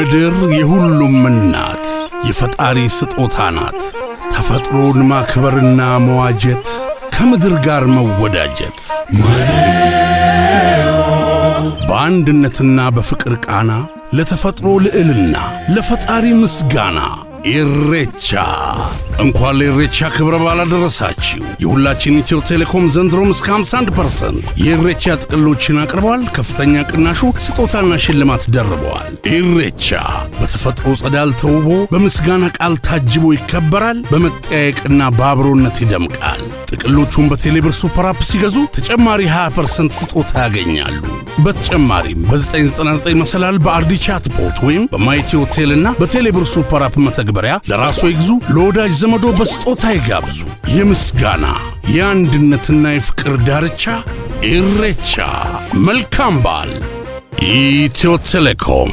ምድር የሁሉም እናት የፈጣሪ ስጦታ ናት። ተፈጥሮን ማክበርና መዋጀት ከምድር ጋር መወዳጀት በአንድነትና በፍቅር ቃና ለተፈጥሮ ልዕልና ለፈጣሪ ምስጋና ኢሬቻ እንኳን ለኢሬቻ ክብረ በዓል አደረሳችሁ። የሁላችን ኢትዮ ቴሌኮም ዘንድሮም እስከ 51 ፐርሰንት የኢሬቻ ጥቅሎችን አቅርበዋል። ከፍተኛ ቅናሹ ስጦታና ሽልማት ደርበዋል። ኢሬቻ በተፈጥሮ ጸዳል ተውቦ በምስጋና ቃል ታጅቦ ይከበራል። በመጠያየቅና በአብሮነት ይደምቃል። ጥቅሎቹን በቴሌብር ሱፐር አፕ ሲገዙ ተጨማሪ 20 ፐርሰንት ስጦታ ያገኛሉ። በተጨማሪም በ999 መሰላል በአርዲ ቻትቦት ወይም በማይቴ ሆቴልና በቴሌብር ሱፐር አፕ መተግ መተግበሪያ ለራስዎ ይግዙ፣ ለወዳጅ ዘመዶ በስጦታ ይጋብዙ። የምስጋና የአንድነትና የፍቅር ዳርቻ ኢሬቻ። መልካም በዓል። ኢትዮ ቴሌኮም